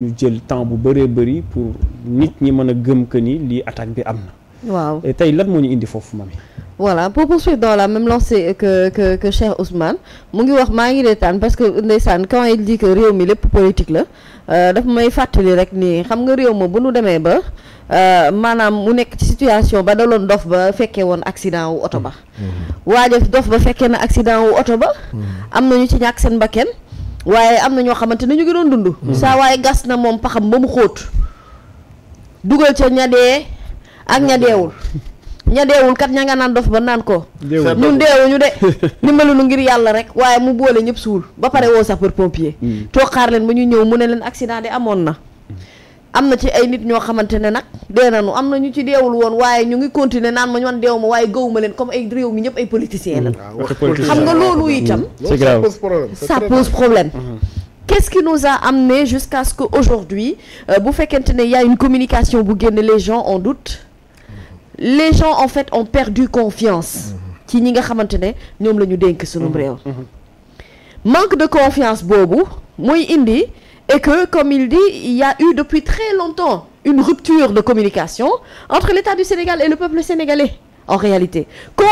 ñu jël temps bu bëree bëri pour nit ñi mën a gëm que ni lii attaque bi am na. waaw tey lan moo ñu indi foofu mami. voilà pour poursuivre dans la même lancée que que que Cheikh mu ngi wax maa ngi reetaan parce que ndeysaan quand il di que réew mi lépp politique la euh, daf may fàttali rek ni xam nga réew ma bu nu demee ba euh, maanaam mu nekk ci situation ba daloon dof ba fekkee woon accident wu oto ba. Mm-hmm. waaja dof ba fekkee na accident wu oto ba. Mm-hmm. am na ñu ci ñàkk seen waaye am na ñoo xamante ne ñu ngi doon dund. Mm. saa waaye gas na moom paxam ba mu xóot. dugal ca ñadee ak ñadeewul ñadeewul kat ña nga naan dof ba naan ko. ñun deewuñu de dimbalu nu ngir yàlla rek waaye mu boole ñëpp suul ba pare mm. woo sa pompier. Mm. toog xaar leen ba ñu ñëw mu ne leen accident de amoon na. am na ci ay nit ñoo xamante ne nag dee nañu am na ñu ci deewul woon waaye ñu ngi continuer naan ma ñu man deew ma waaye gëwuma leen comme ay réew mi ñëpp ay politiciens la mm. xam nga loolu itam mm. ça pose problème mm-hmm. qu'est-ce qui nous a amené jusqu'à ce que aujourd'hui euh, bu fekkente ne y a une communication bu génne les gens en doute les gens en fait ont perdu confiance ci ñi nga xamante ne ñoom la ñu dénk sunum mm-hmm. réew mm-hmm. manque de confiance boobu mooy indi et que comme il dit il y a eu depuis très longtemps une rupture de communication entre l'État du Sénégal et le peuple sénégalais en réalité quand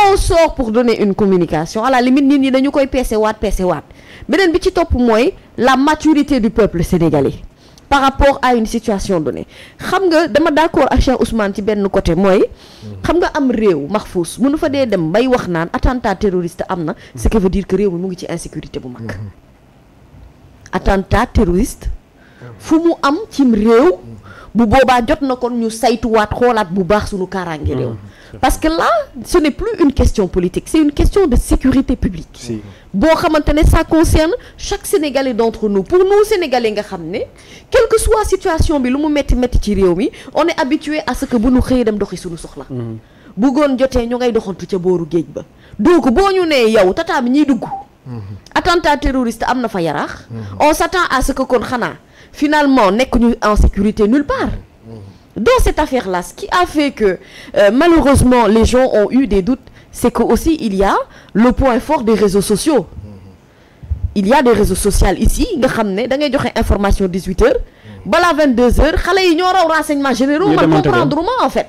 pour donner une communication à la limite nit ñi dañu koy peese waat peese waat beneen bi ci topp mooy la maturité du peuple sénégalais par rapport à une situation donnée xam nga dama d'accord ak Cheikh Ousmane ci benn côté mooy xam nga am réew Mahfouz mënu fa dee dem bay wax naan attentat terroriste am na ce qui veut dire que mu ngi ci insécurité bu mag attentat terroriste fu mu am cim réew bu boobaa jot na kon ñu saytuwaat xoolaat bu baax suñu kaaraange réew mm-hmm. parce que là ce n'est plus une question politique c'est une question de sécurité publique boo xamante ne ça concerne chaque Sénégalais d'entre nous pour nous Sénégalais nga xam ne quelle que soit situation bi lu mu metti metti ci réew mi on est habitué à ce que bu nu xëyee dem doxi suñu soxla mm-hmm. bu goon jotee ñu ngay doxantu ca booru géej ba donc boo Mm-hmm. attentat terroriste am na fa yaraax. Mm-hmm. on s'attend à ce que kon xanaa finalement nekk ñu en sécurité nulle part. Mm-hmm. dans cette affaire là ce qui a fait que euh, malheureusement les gens ont eu des doutes c'est que aussi il y a le point fort des réseaux sociaux. il y a des réseaux sociaux ici nga xam ne da ngay joxe information 18 heures. balaa 22 heures xale yi ñoo raw renseignements généraux. man comprendre ma en fait.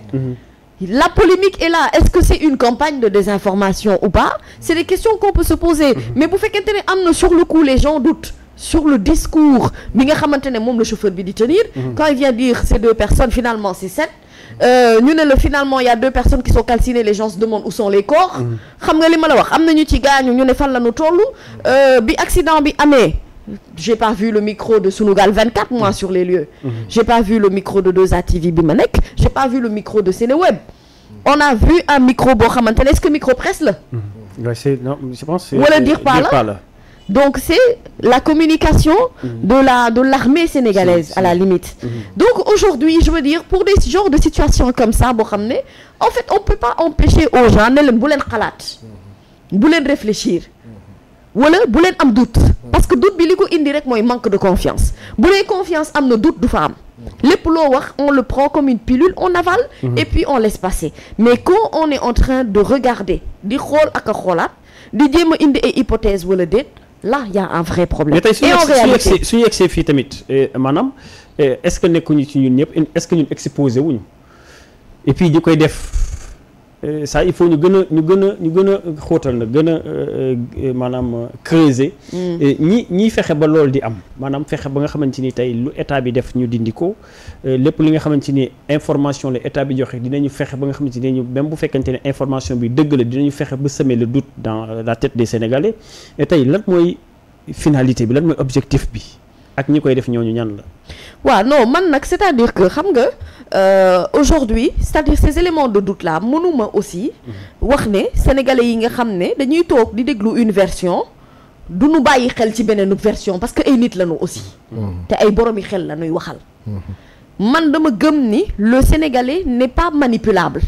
La polémique est là est-ce que c'est une campagne de désinformation ou pas c'est des questions qu'on peut se poser mm -hmm. mais bu fekkente ne am na sur le coup les gens doutent sur le discours bi nga xamante ne moom le chauffeur bi di tenir mm -hmm. quand il vient dire ces deux personnes finalement c'est sept euh, ñu ne la finalement il y a deux personnes qui sont calcinées les gens se demandent où sont les corps mhm. xam nga li ma la wax am na ñu ci gaañu ñu ne fan la ñu toll euh, bi accident bi amee j'ai pas vu le micro de Sunugal 24 moi sur les lieux mhm. j'ai pas vu le micro de 2 TV bi ma nekk j'ai pas vu le micro de Seneweb on a vu un micro boo xamante ne est-ce que micro presse la mhm. wala dire pas la donc c'est la communication mhm. de la de l'armée sénégalaise à la limite donc aujourd'hui je veux dire pour des genres de situations comme ça boo xam ne en fait on peut pas empêcher aux gens ne leen bu leen xalaat bu leen réfléchir wala bu leen am doute parce que doute bi li ko indi rek mooy manque de confiance bu dee confiance am na doute du fa am lépp loo wax on le prend comme une pilule on avale mhm. et puis on laisse passer mais quand on est en train de regarder di xool ak a xoolaat di jéem a indi ay hypothèse wala déet là y a un vrai problème et en réalité su ñu fii tamit eh, maanaam eh, est que nekkuñu si ñun ñëpp est-ce que ñun exposé wuñu et puis di koy def Euh, ça il faut ñu gën a ñu gën a ñu gën a xóotal na gën a euh, euh, maanaam creuser. Mm. ñi ñiy fexe ba loolu di am maanaam fexe ba nga xamante ni tey lu état bi def ñu dindi ko lépp li nga xamante ni information la état bi joxe dinañu fexe ba nga xamante ni ñu même bu fekkante ne information bi dëgg la dinañu fexe ba semer le doute dans la tête de Sénégalais tey lan mooy finalité bi lan mooy objectif bi. ak ñi koy def ñooñu ñan la. waaw non man nag c'est-à-dire que xam nga euh, aujourd'hui c'est-à-dire ces éléments de doute laa mënuma aussi. Mhm. wax ne sénégalais yi nga xam ne dañuy toog di déglu une version. du nu bàyyi xel ci beneen version parce que ay nit lañu aussi. Mhm. te ay boromi xel la ñuy waxal. Mhm. man dama gëm ni le sénégalais n'est pas manipulable.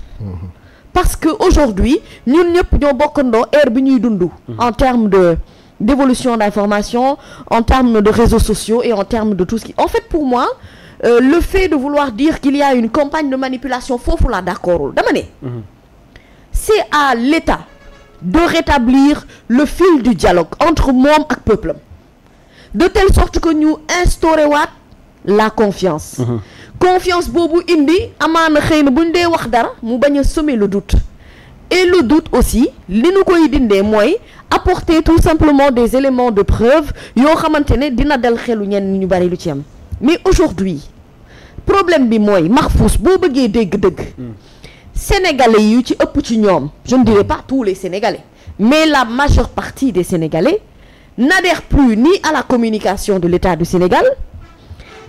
parce que aujourd'hui ñun ñëpp ñoo bokkandoo ère bi ñuy dund. en termes de. d'évolution d'information, en termes de réseaux sociaux et en termes de tout ce qui... En fait, pour moi, euh, le fait de vouloir dire qu'il y a une campagne de manipulation foofu laa d'accordul dama ne mhm. c'est à l'État de rétablir le fil du dialogue entre moom ak peuple de telle sorte que ñu instaurer waat la confiance mmh. confiance boobu indi amaana xëy na bu ñu dee wax dara mu bañ a semer le doute et le doute aussi li nu koy dindee mooy apporter tout simplement des éléments de preuve yoo xamante ne dina dal xelu ñenn ñu bari lu ci am mais aujourd'hui problème bi mooy Mahfous boo bëggee dégg-dëgg sénégalais yu ci ëpp ci ñoom je ne dirais pas tous les sénégalais mais la majeure partie des sénégalais n'adhèrent plus ni à la communication de l'État du Sénégal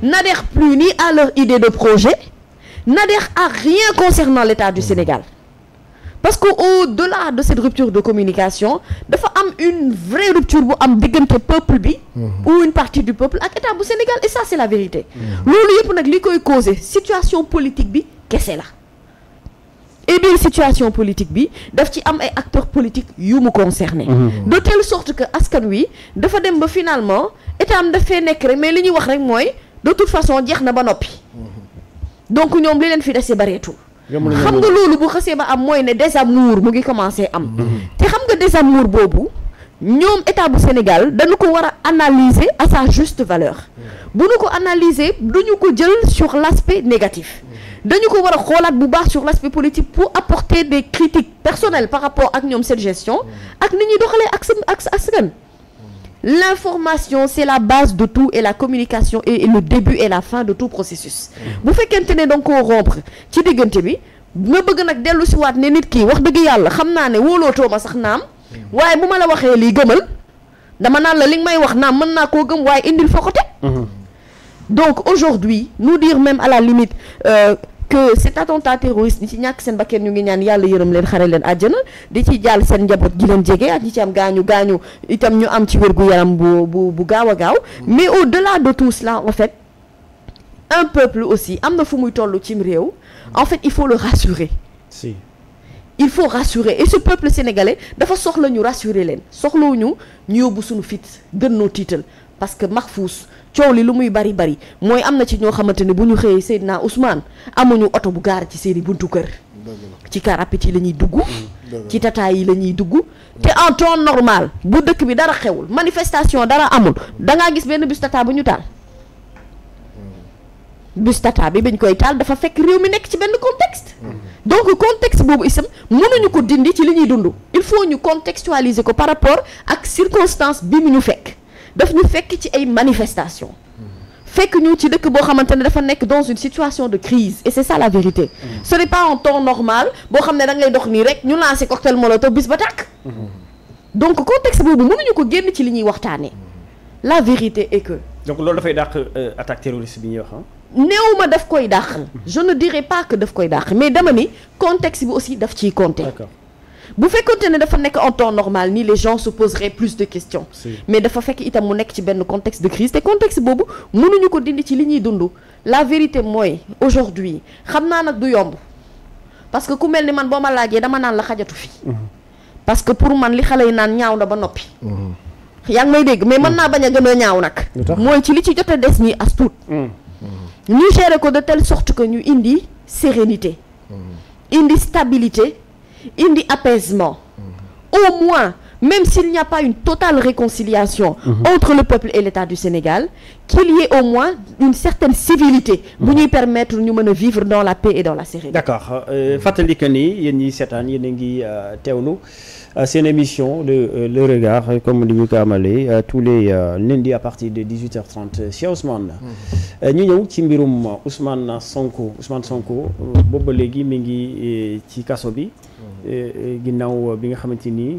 n'adhèrent plus ni à leur idée de projet n'adhèrent à rien concernant l'État du mmh. Sénégal parce que au-delà de cette rupture de communication dafa am une vraie rupture bu am diggante peuple bi mhm. ou une partie du peuple ak état bu Sénégal et ça c'est la vérité mhm. loolu yëpp nag li koy causé situation politique bi kese la et situation politique bi daf ci am ay acteurs politique yu mu concerné mhm. de telle sorte que askan wi dafa dem ba finalement état am fee nekk rek mais li ñuy wax rek mooy de toute façon jeex na ba noppi donc ñoom li leen fi dese bareetul xam nga loolu bu xasee ba am mooy ne désamour mu ngi commencé am mm-hmm. te xam nga désamour boobu ñoom état bu Sénégal dañu ko war a analyser à sa juste valeur mm-hmm. bu ñu ko analyser duñu ko jël sur l'aspect négatif mm-hmm. dañu ko war a xoolaat bu baax sur l'aspect politique pour apporter des critiques personnelles par rapport ak ñoom cette gestion ak ni ñuy doxalee ak sa ak askan l'information c'est la base de tout et la communication est le début et la fin de tout processus bu fekkente ne danga koo rompre ci diggante bi ma bëgg nag dellu si waat ne nit kii wax dëgg yàlla xam naa ne wóolootoo ma sax naam waaye bu ma la waxee lii gëmal dama naan la li may wax naam mën naa koo gëm waaye indil fokote mhm. donc aujourd'hui nous dire même à la limite euh, que cet attentat terroriste ñi ci ñàkk seen bakkeen ñu ngi ñaan yàlla yërëm leen xare leen àjjana di ci jàll seen njaboot gi leen jege ak ñi ci am gaañu gaañu itam ñu am ci wér-gu-yaram bu bu bu gaaw a gaaw mais au-delà de tout cela en fait un peuple aussi am na fu muy toll cim réew en fait il faut le rassurer si il faut rassurer et ce peuple sénégalais dafa soxla ñu rassurer leen soxlawuñu ñu ñu yóbbu sunu fit gën noo tiital parce que Mahfous coow li lu muy bari bari mooy am na ci ñoo xamante ne bu ñu xëyee Seydina Ousmane amuñu oto bu gaar ci seeni buntu kër ci car rapide yi la ñuy dugg mm, ci tataay yi la dugg te en temps normal bu dëkk bi dara xewul manifestation dara amul dangaa gis benn bus tata bu ñu taal mm. bus tata bi bañ koy taal dafa fekk réew mi nekk ci benn contexte mm. donc contexte boobu isam mënuñu ko dindi ci li ñuy dund il faut ñu contextualiser ko par rapport ak circonstance bi mu ñu fekk daf ñu fekk ci ay manifestation fekk ñu ci dëkk boo xamante ne dafa nekk dans une situation de crise et c'est ça la vérité. Mm-hmm. ce n'est pas en temps normal boo xam ne da ngay dox nii rek ñu lancé cocktail molotov bis ba tàkk. Mm-hmm. donc contexte boobu mënuñu ko génn ci li ñuy waxtaanee. Mm-hmm. la vérité est que. donc loolu dafay dàq euh, attaque terroriste bi ñuy wax néew ma daf koy dàq. je ne dirais pas que daf koy dàq mais dama ni contexte bi aussi daf ciy compter. bu fekkonte ne dafa nekk en normal nii les gens se poseraient plus de questions si. mais dafa fekk itam mu nekk ci benn contexte de crise te contexte boobu mënuñu ko dindi ci li ñuy dund la vérité mooy aujourd'hui xam naa nag du yomb parce que ku mel ni man boo ma laajee dama naan la xajatu fii mhm. parce que pour man li xale yi naan ñaaw na ba noppi mhm. yaa ngi may dégg mais mën mhm. naa bañ a gën a ñaaw nag mooy ci li ci jot a des nii as tuut ñu gérer ko de telle sorte que ñu indi sérénité indi stabilité indi apaisement mm-hmm. au moins même s'il n'y a pas une totale réconciliation mmh. entre le peuple et l'État du Sénégal qu'il y ait au moins une certaine civilité bu mmh. ñuy permettre ñu mën a vivre dans la paix et dans la sérénité d'accord euh, fàttali que ni yéen ñi seetaan yéen a ngi euh, teewlu euh, seen émission de le regard comme li ñu ko amalee tous les lundis à partir de 18h30 Cheikh ñu ñëw ci mbirum Ousmane Sonko Ousmane Sonko boobu ba léegi mi ngi eh, ci kaso bi. Mm-hmm. Eh, eh, ginnaaw bi nga xamante ni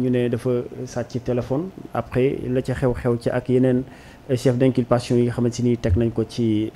ñu ne dafa sàcc téléphone après la ca xew-xew ci ak yeneen chef d'inculpation yi nga xamante ni teg nañ ko ci.